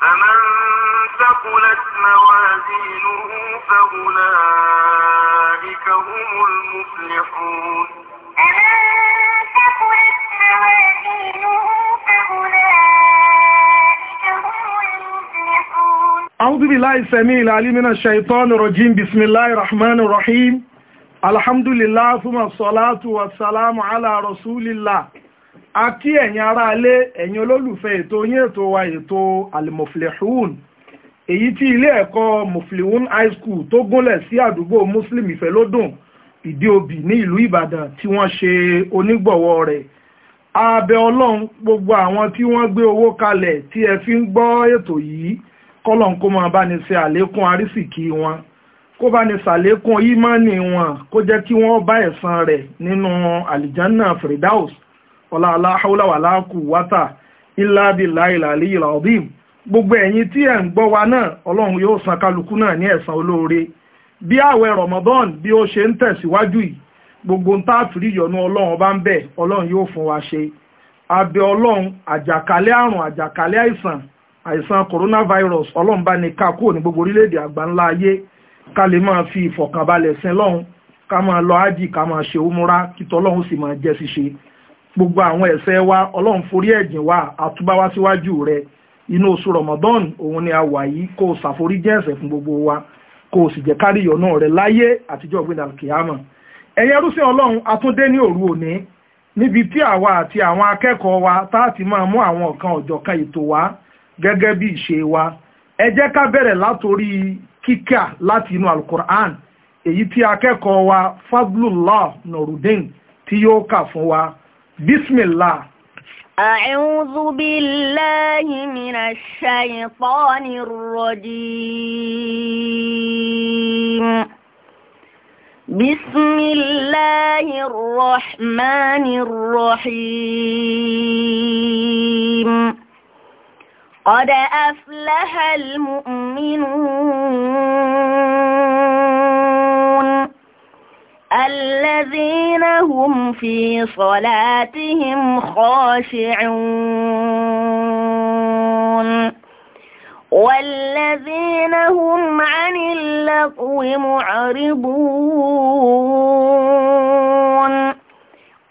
فمن ثقلت موازينه فأولئك هم المفلحون أعوذ بالله السميع العليم من الشيطان الرجيم بسم الله الرحمن الرحيم الحمد لله ثم الصلاة والسلام على رسول الله a kí ẹ̀yin aráalé ẹ̀yin olólùfẹ́ ètò yín ètò wa ètò alimoflehun èyí tí ilé ẹ̀kọ́ muflihun high school tó gúnlẹ̀ sí àdúgbò muslim ìfẹ́lódùn ìdíobì ní ìlú ìbàdàn tí wọ́n ṣe onígbọ̀wọ́ rẹ̀ abẹ ọlọ́run gbogbo àwọn tí wọ́n gbé owó kalẹ̀ tí ẹ fi ń gbọ́ ètò yìí kọ́lọ̀n kó máa bá ní ṣe àlékún àrísìkí wọn kó bá ní ṣàlékún ìmánì wọn kó jẹ́ kí wọ́n bá ẹ̀san rẹ̀ nínú àlìjánná firdaus ọ̀la aláhàúlà wà láàkú wátà ilá bìlá ìlàlí ìlà ọ̀dìm gbogbo ẹ̀yin tí ẹ̀ ń gbọ́ wa náà ọlọ́run yóò san kálukú náà ní ẹ̀san olóore bí ààwẹ̀ Ramadan bí ó ṣe ń tẹ̀síwájú yìí gbogbo ń táàfìrí ìyọnu ọlọ́run ọba ń bẹ̀ ọlọ́run yóò fún wa ṣe abẹ ọlọ́run àjàkálẹ̀ àrùn àjàkálẹ̀ àìsàn àìsàn coronavirus ọlọ́run bá ní ká kúrò ní gbogbo orílẹ̀-èdè àgbáńlá ayé ká lè máa fi ìfọ̀kànbalẹ̀ sin lọ́run ká máa lọ ájì ká máa ṣe òmùra kí tọ́lọ́run sì máa jẹ́ ṣíṣe gbogbo àwọn ẹ̀ṣẹ̀ wa ọlọ́run forí ẹ̀jìn wa àtúbáwá síwájú rẹ inú oṣù Ramadan òun ni a wà yìí kó o ṣàforíjì ẹ̀ṣẹ̀ fún gbogbo wa kó o sì jẹ́ kárí ìyọ̀nà rẹ láyé àtijọ́ ọ̀gbìn alkiyama ẹ̀yẹ rúṣẹ́ ọlọ́run atúndé ní òru òní níbi tí àwa àti àwọn akẹ́kọ̀ọ́ wa tá a ti máa mú àwọn ọ̀kan ọ̀jọ̀kan ètò wa gẹ́gẹ́ bí ìṣe wa ẹ jẹ́ ká bẹ̀rẹ̀ látòrí kíkà láti inú alukur'an èyí tí akẹ́kọ̀ọ́ wa Fadlullah Nurudeen tí yóò kà fún wa بسم الله أعوذ بالله من الشيطان الرجيم بسم الله الرحمن الرحيم قد أفلح المؤمنون في صلاتهم خاشعون والذين هم عن اللقو معرضون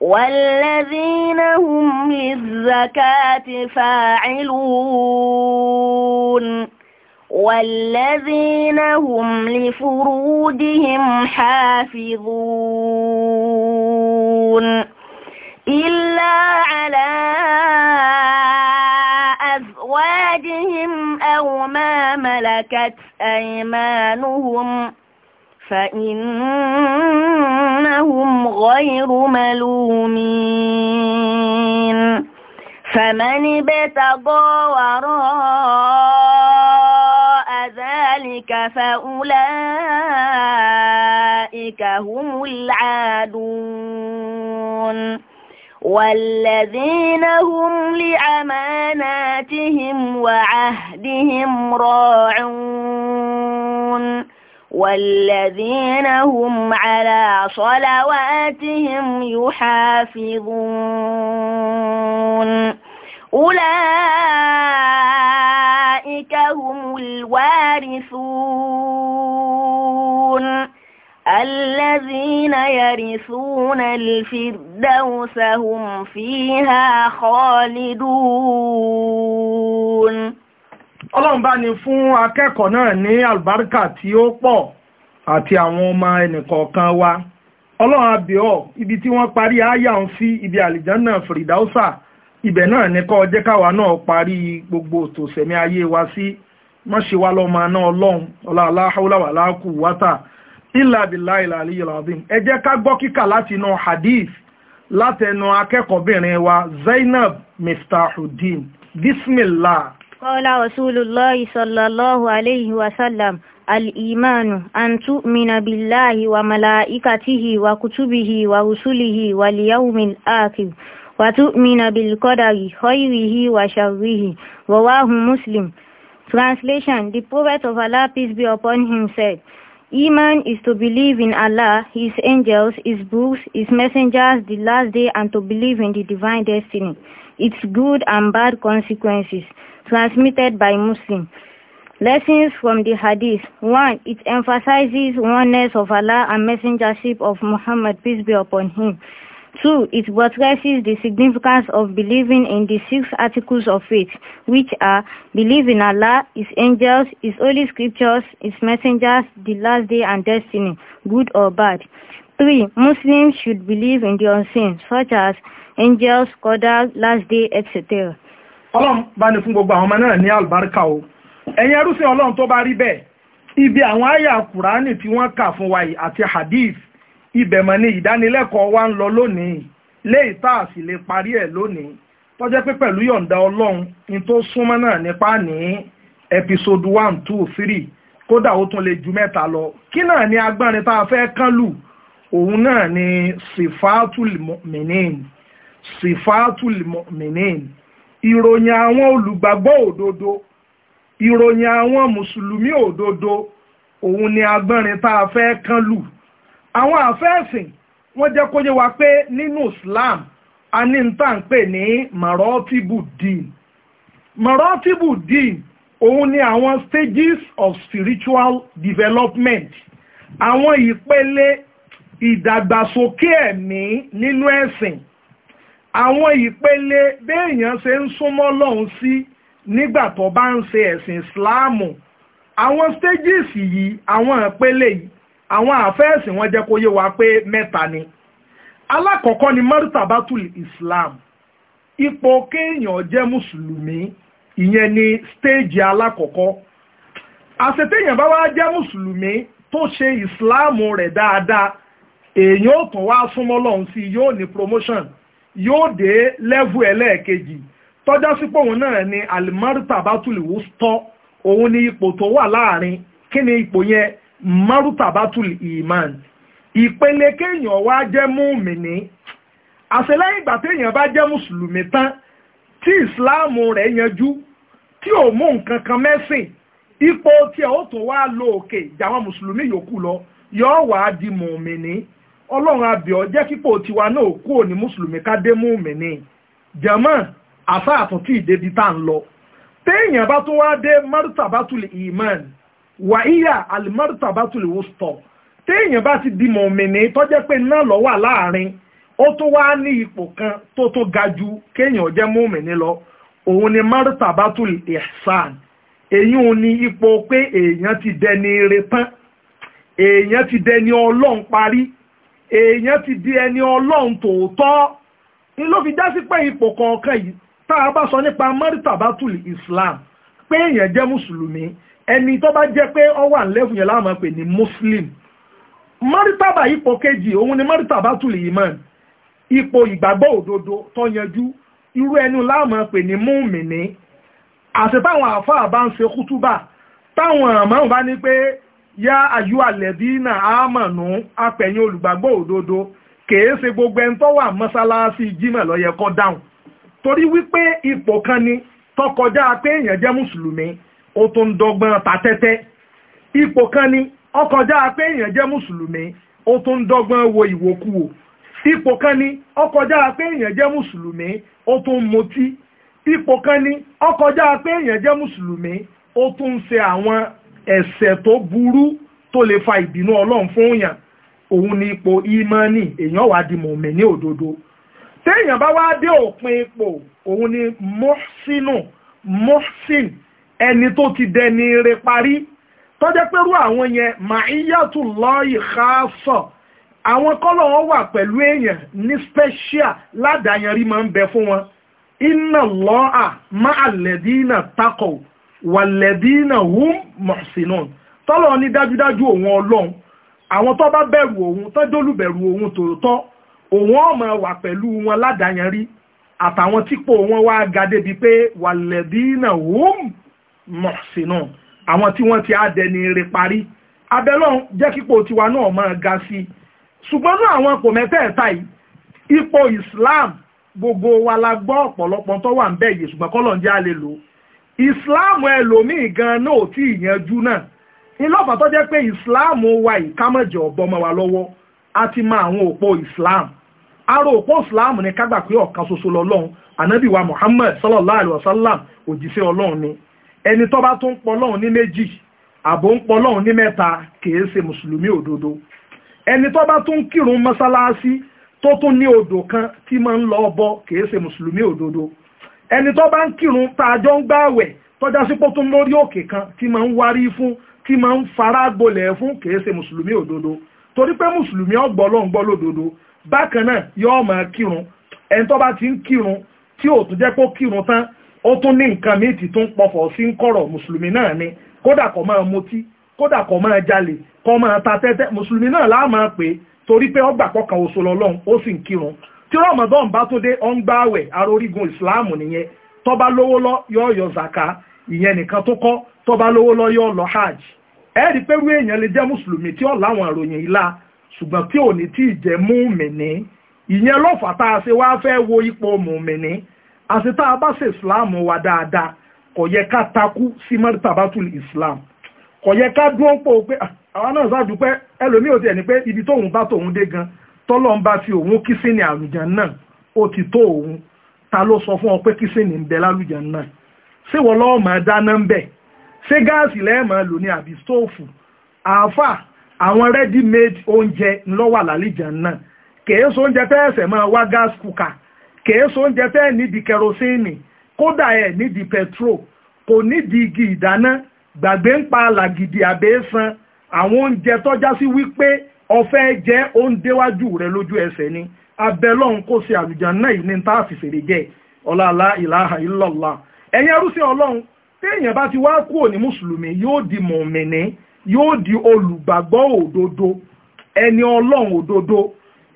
والذين هم للزكاة فاعلون والذين هم لفروجهم حافظون إلا على أزواجهم أو ما ملكت أيمانهم فإنهم غير ملومين فمن ابتغى وراء ذلك فأولئك هم العادون والذين هم لأماناتهم وعهدهم راعون والذين هم على صلواتهم يحافظون الذين يرثون الفردوس هم فيها خالدون ọlọ́run bá ní fún akẹ́kọ̀ọ́ náà ní àlùbáríkà tí ó pọ̀ àti àwọn ọmọ ẹnìkọ̀ọ̀kan wa ọlọ́run abẹ́ọ̀ ibi tí wọ́n parí àyà ń fi ibi àlìjánà fìrìdáùsà ibẹ̀ náà ní kọ́ jẹ́ káwa náà parí gbogbo tòsẹ̀mí ayé wa sí mọ́ṣẹ́wá lọ́mọ náà ọlọ́run ọlá aláhàwọ́láwà láàkú wátà ilà bìlà ilà àlìyé làbín ẹ jẹ́ ká gbọ́ kíkà láti inú hadith látẹnu akẹ́kọ̀ọ́bìnrin wa Zainab Miftahuddin bismillah. Qala Rasulullahi sallallahu alayhi wa sallam al'imanu an tu'mina billahi wa mala'ikatihi wa kutubihi wa rusulihi wa liyaumin akib wa tu'mina bil qadari khairihi wa sharrihi rawahu muslim translation the prophet of allah peace be upon him said Iman is to believe in Allah, His angels, His books, His messengers, the last day, and to believe in the divine destiny, its good and bad consequences. Transmitted by Muslims. Lessons from the Hadith. 1. It emphasizes oneness of Allah and messengership of Muhammad, peace be upon him. Two, it buttresses the significance of believing in the six articles of faith, which are believe in Allah, His angels, His holy scriptures, His messengers, the last day and destiny, good or bad. Three, Muslims should believe in the unseen, such as angels, Qadar, last day, etc. Ọlọ́run bá ní fún gbogbo àwọn ọmọ náà ní àlùbáríkà o. Ẹ̀yin Ọlọ́run tó bá rí bẹ́ẹ̀, ibi àwọn àyà Kùránì tí wọ́n kà fún wa yìí àti Hadith ibẹ̀ mọ̀ ni ìdánilẹ́kọ̀ọ́ wa ń lọ lónìí léyìí tá a sì lè parí ẹ̀ lónìí tọ́jẹ́ pé pẹ̀lú yọ̀ǹda ọlọ́run ní tó súnmọ́ náà nípa ní ẹpisodù one two three kódà ó tún lè ju mẹ́ta lọ kí náà ni agbárin tá a fẹ́ kán lù òun náà ni sifatul mu'minin sifatul mu'minin ìròyìn àwọn olùgbàgbọ́ òdodo ìròyìn àwọn mùsùlùmí òdodo òun ni agbárin tá a fẹ́ kán lù àwọn àfẹ́ẹ̀sìn wọ́n jẹ́ kó yé wa pé nínú Islam a ní n tà ń pè ní marotibu din marotibu din òun ni àwọn stages of spiritual development àwọn ìpele ìdàgbàsókè ẹ̀mí nínú ẹ̀sìn àwọn ìpele béèyàn ṣe ń súnmọ́ lọ́hùn sí nígbà tó bá ń ṣe ẹ̀sìn Islam àwọn stages yìí àwọn ìpele yìí àwọn àfẹ́ẹ̀sì wọn jẹ́ kó yé wa pé mẹ́ta ni alákọ̀ọ́kọ́ ni martabatul islam ipò kéèyàn jẹ́ mùsùlùmí ìyẹn ni stéèjì alákọ̀ọ́kọ́ àṣetéèyàn bá wá jẹ́ mùsùlùmí tó ṣe ìsìláàmù rẹ̀ dáadáa èèyàn ò tún wá súnmọ́ lọ́hùn sí i yóò ní promotion yóò dé level ẹlẹ́ẹ̀kejì tọ́já sípò òun náà ni alimarita batuli wustọ òun ni ipò tó wà láàrin kí ni ipò yẹn marutabatul iman ìpele kéèyàn wá jẹ́ múmìnì àṣelẹ́yìn ìgbà téèyàn bá jẹ́ mùsùlùmí tán tí ìsìláàmù rẹ̀ yanjú tí ò mú nǹkan kan mẹ́sìn ipò tí ẹ̀ ó tún wá lọ òkè jàwọn mùsùlùmí yòókù lọ yóò wá di mùmìnì ọlọ́run abẹ́ọ̀ jẹ́ kípò tiwa náà kú òní mùsùlùmí ká dé mùmìnì jẹ̀mọ́ àfáàtún tí ìdébi tá à ń lọ téèyàn bá tún wá dé marutabatul iman wàhíyà alimọ́tà bá tún lè wò sọ téèyàn bá ti di mọ̀mìnì tó jẹ́ pé náà ló wà láàrin ó tó wá ní ipò kan tó tó ga ju kéèyàn jẹ́ mọ̀mìnì lọ òun ni mọ́tà bá tún lè èyí ò ní ipò pé èèyàn ti dẹni ire tán èèyàn ti dẹni ọlọ́run parí èèyàn ti di ẹni ọlọ́run tòótọ́ ni ló fi já sí pé ipò kọ̀ọ̀kan yìí tá a bá sọ nípa mọ́tà bá Islam pé èèyàn jẹ́ mùsùlùmí ẹni tó bá jẹ́ pé ọ wà lẹ́fù yẹn láwọn pè ní muslim Maritaba ipò kejì òun ni maritaba tùlì iman ipò ìgbàgbọ́ òdodo tó yanjú irú ẹnu láwọn pè ní múmìnì àti táwọn àfáà bá ń ṣe kútúbà táwọn àmọ́ bá ní pé yá àyú àlẹ́bí náà àmọ̀nù apẹ̀yìn olùgbàgbọ́ òdodo kèé ṣe gbogbo ẹni tó wà mọ́sálásí jímọ̀ lọ́yẹ dáhùn torí wípé ipò kan ni tó pé èèyàn jẹ́ mùsùlùmí ó tó ń dọ́gbọ́n tàtẹ́tẹ́ ipò kan ni ọkọjá pé èèyàn jẹ́ mùsùlùmí ó tó ń dọ́gbọ́n wo ìwòkuwò ipò kan ni ọkọjá pé èèyàn jẹ́ mùsùlùmí ó tó ń mutí ipò kan ni ọkọjá pé èèyàn jẹ́ mùsùlùmí ó tó ń ṣe àwọn ẹ̀ṣẹ̀ tó burú tó lè fa ìbínú ọlọ́run fún èèyàn òun ni ipò ìmánì èèyàn wà di mọ̀mí ní òdodo téèyàn bá wá dé òpin ipò òun ni mọ́sínù mọ́sínù ẹni tó ti dẹni re parí tọ́jẹ́ pẹ̀lú àwọn yẹn màáyàtú lọ́ọ̀yì káàsọ̀ àwọn kọ́lọ̀ wọn wà pẹ̀lú èèyàn ní special ládàáyanrí máa ń bẹ fún wọn iná lọ́ọ̀à má àlẹ́dínà takọ̀ wàlẹ́dínà hum mọ̀sínà tọ́lọ̀ ní dájúdájú òun ọlọ́run àwọn tó bá bẹ̀rù òun tọ́jọ́ olùbẹ̀rù òun tòótọ́ òun ọmọ wà pẹ̀lú wọn ládàáyanrí àtàwọn típò wọn wá ga débi pé wàlẹ́dínà hum mọ̀sínú àwọn tí wọ́n ti á dẹni eré parí abẹ́lọ́n jẹ́ kípò tiwa náà máa ga sí i ṣùgbọ́n náà àwọn kò mẹ́tẹ̀ẹ̀ta yìí ipò Islam gbogbo wa la gbọ́ ọ̀pọ̀lọpọ̀ tó wà ń bẹ̀ yìí ṣùgbọ́n kọ́lọ̀ ń jẹ́ àlè lò Islam ẹlòmíì gan náà ò tí ì yanjú náà ńlọ́pàá tó jẹ́ pé Islam wa yìí ká mọ̀jẹ̀ ọ̀bọmọ wa lọ́wọ́ a ti mọ àwọn òpó Islam aró òpó Islam ni kágbà pé ọ̀kan ṣoṣo lọ́lọ́run ànábì wa Muhammad sallallahu alayhi wa sallam òjíṣẹ́ ẹni tó bá tún pọ̀ lọ́hùn ní méjì àbò ń pọ̀ lọ́hùn ní mẹ́ta kìí ṣe mùsùlùmí òdodo ẹni tó bá tún kírun mọ́sálásí tó tún ní odò kan tí máa ń lọ bọ kìí ṣe mùsùlùmí òdodo ẹni tó bá ń kírun tààjọ ń gbààwẹ̀ tọ́já sípò tó ń lórí òkè kan tí máa ń wárí fún tí máa ń fara gbolẹ̀ fún kìí ṣe mùsùlùmí òdodo torí pé mùsùlùmí ọgbọ́ ló ń gbọ́ lódodo bákan náà yóò máa kírun ẹni tó bá ti ń kírun tí ó tún ní nǹkan míì tí tún pọ̀fọ̀ sí ń kọ̀rọ̀ mùsùlùmí náà ni kódà kó máa mutí kódà kó máa jalè kó máa ta tẹ́tẹ́ mùsùlùmí náà láà máa pè é torí pé ọgbà pọ̀kan oṣù lọ́lọ́run ó sì ń kírun tí rọmọdán bá tó dé ọ ń gbààwẹ̀ arórígun ìsìláàmù nìyẹn tó bá lówó lọ yọ yọ zaka ìyẹn nìkan tó kọ́ tó bá lówó lọ yọ lọ hajj ẹ rí pé irú èèyàn lè jẹ́ mùsùlùmí tí ó láwọn àròyìn ìlà ṣùgbọ́n tí ò ní tí ì jẹ́ mùmìnì ìyẹn lọ́fà tá a ṣe wá fẹ́ wo ipò mùmìnì àti tá a bá ṣe islam wa dáadáa kò yẹ ká takú sí martabatul islam kò yẹ ká dúró pò pé ah, àwọn náà sàdúpẹ́ ẹlòmíì ò tiẹ̀ ní pé ibi tóun bá tóun dé gan tọ́lọ́n bá fi òun kí sí ní àlùjàn náà ó ti tó òun ta ló sọ fún ọ pé kí sí ní bẹ lálùjàn náà ṣé wọ́n lọ́ọ́ máa dáná ń bẹ̀ ṣé gáàsì lẹ́ẹ̀ lò ní àbí stóòfù àáfà àwọn ready made oúnjẹ ńlọ́wà lálùjàn náà kèé so oúnjẹ tẹ́ẹ̀sẹ̀ máa wá gas cooker kèéso oúnjẹ fẹ́ nídìí kẹrosíìnì kódà ẹ̀ nídìí pẹtrò kò nídìí igi ìdáná gbàgbé ń pa làgìdì àbẹ́sán àwọn oúnjẹ tọ́já sí wípé ọ̀fẹ́ jẹ́ oúnjẹwájú rẹ lójú ẹsẹ̀ ni abẹ́lọ́hún kò sí àlùjá náà yìí ní ta àfìfèrè jẹ́ ọ̀làlá ìlàhà ìlọ́lá ẹ̀yin arúsẹ́ ọlọ́run téèyàn bá ti wá kúrò ní mùsùlùmí yóò di mọ̀mìnì yóò di olùgbàgbọ́ òdodo ẹni ọlọ́run òdodo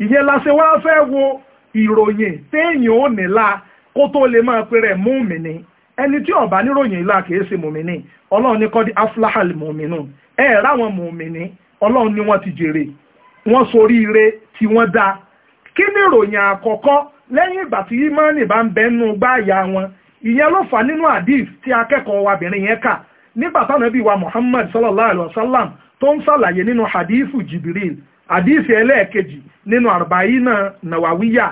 ìyẹn la ṣe wá fẹ́ wo ìròyìn téèyàn ò nílá kó tó lè máa pe rẹ̀ mùmínì ẹni tí ó bá níròyìn ìlà kìí ṣe mùmínì ọlọ́run ní kọ́ di aflahal mùmínù ẹ ráwọn mùmínì ọlọ́run ní wọ́n ti jèrè wọ́n sorí ire tí wọ́n dá kí ni ìròyìn àkọ́kọ́ lẹ́yìn ìgbà tí ìmánì bá ń bẹnu gbáàyà wọn ìyẹn ló fà nínú hadith tí akẹ́kọ̀ọ́ wa bìnrin yẹn kà nígbà táwọn ẹbí wa Muhammad sallallahu alayhi wa sallam tó ń ṣàlàyé nínú hadithu Jibril adịsị ẹlẹ́ẹ̀kejì nínú àrùbáyínà nàwáwíyà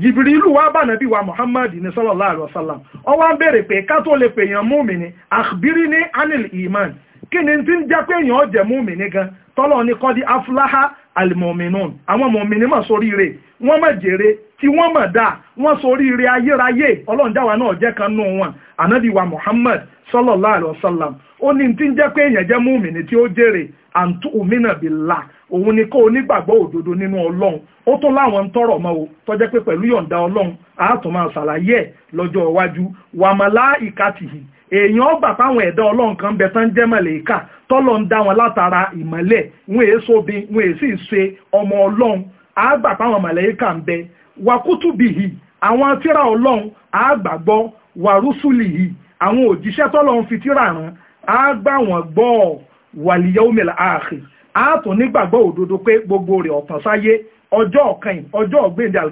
jìbìrìlù wa bá nàbí wa muhammad ní sallallahu alaihi wasallam ọwọ wá ń pe pé ká tó lè pèèyàn ní anil iman kí ni tí ń jẹ́ pé èèyàn jẹ́ múmìnì gan tọ́lọ́ ní kọ́ di afúláhà àwọn mà sóríire tí wọ́n mọ̀ dáa wọ́n sorí ire ayérayé ọlọ́njáwa náà jẹ́ kan nù wọn ànábì wa Muhammad sallallahu alayhi wa sallam ó ní tí ń jẹ́ pé èèyàn jẹ́ múmìnì tí ó jèrè àǹtú òmìnà òun ni kó onígbàgbọ́ òdodo nínú ọlọ́run ó tún láwọn ń tọrọ mọ́ o tọ́jẹ́ pé pẹ̀lú yọ̀ǹda ọlọ́run àátùn máa ṣàlàyé ẹ̀ lọ́jọ́ iwájú wàmálà ìkàtìhì èèyàn ọgbà fáwọn ẹ̀dá ọlọ́run kan bẹ tán jẹ́ mọ̀lẹ́kà tọ́lọ́ ń dá wọn látara ìmọ́lẹ̀ wọn èé sóbi wọn èé ṣe ọmọ ọlọ́run àgbà fáwọn mọ̀lẹ́kà ń bẹ wàkútùbìhì àwọn atíra ọlọ́run àgbàgbọ́ wàrúsùlìhì àwọn òjíṣẹ́ tọ́lọ́run fi tíra rán àgbà wọ́n gbọ́ wàlíyá omela ààkì àtún nígbàgbọ́ òdodo pé gbogbo rẹ̀ ọ̀tàn sáyé ọjọ́ ọ̀kan ọjọ́ ọ̀gbẹ́ndẹ̀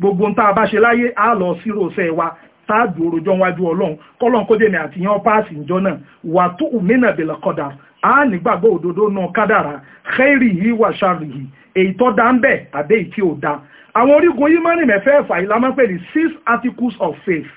gbogbo ń tá a bá ṣe láyé á lọ sírò sẹ́ẹ̀ wa táàdù orojọ́ wájú ọlọ́run kọ́lọ́n kó dé ní àtìyàn páàsì ìjọ náà wà tó òmìnà bẹ̀lẹ̀ kọ́dà á nígbàgbọ́ òdodo náà kádàrà xẹ́rì yìí wà ṣàrì yìí èyí tó dá ń bẹ̀ àbẹ́ èyí tí ò dá. àwọn orígun yimani mẹ́fẹ̀ẹ̀fà ìlànà pè ní six articles of faith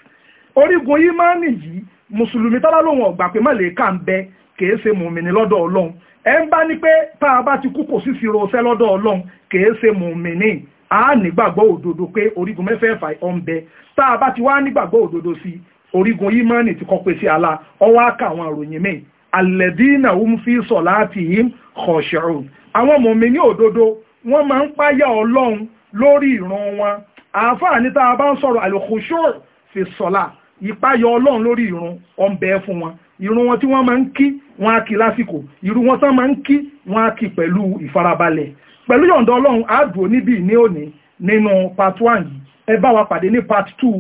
orígun yimani yìí mùsùlùmí tọ́lá lòun ọ̀gbà pé má lè kà ń bẹ kèé ṣe mùmìnì lọ́dọ̀ ọlọ́run ẹ ń bá ní pé tá a bá ti kú kò sí ìṣirò ọ̀sẹ́ lọ́dọ̀ ọlọ́run kèé ṣe mùmìnì a nígbàgbọ́ òdodo pé orígun mẹ́fẹ̀ẹ̀fà ọ̀nbẹ tá a bá ti wá nígbàgbọ́ òdodo sí orígun ìmánì ti kọ́pẹ́ sí ala ọwọ́ àka àwọn àròyìn mẹ́yìn alẹ́dínà ń fi sọ̀ láti yìí kọ̀ṣẹ̀rù àwọn mọ̀mìnì òdodo wọ́n máa ń páyà ọlọ́run lórí ìran wọn àáfàá ní tá a bá ń sọ̀rọ̀ àlòkùnṣọ́ fi sọ̀la ìpáyà ọlọ́run lórí ìran ọ̀nbẹ fún wọn ìrun wọn tí wọ́n máa ń kí wọn á kí lásìkò ìrun wọn tán máa ń kí wọn á kí pẹ̀lú ìfarabalẹ̀ pẹ̀lú yọ̀ǹda ọlọ́run àádùn oníbì ní òní nínú part one yìí ẹ bá wa pàdé ní part two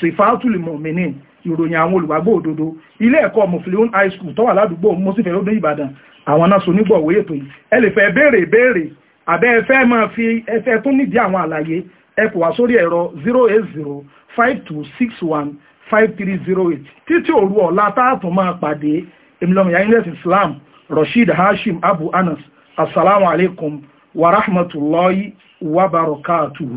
sifatul mu'minin ìròyìn àwọn olùgbàgbọ́ òdodo ilé ẹ̀kọ́ mufliun high school tó wà ládùúgbò mọ́sífẹ́ lọ́dún ìbàdàn àwọn náà sonígbọ̀wé ètò yìí ẹ lè fẹ́ béèrè béèrè àbẹ́ ẹ fẹ́ máa fi ẹ fẹ́ tún nídìí àwọn àlàyé ẹ kò wá sórí ẹ̀rọ zero eight zero five two six one five three zero eight títí òru ọ̀la táàtún máa pàdé emilọ́mù yahinet islam rasheed hashim abu anas asalaamualeykum wa rahmatulahi wa barakatuhu.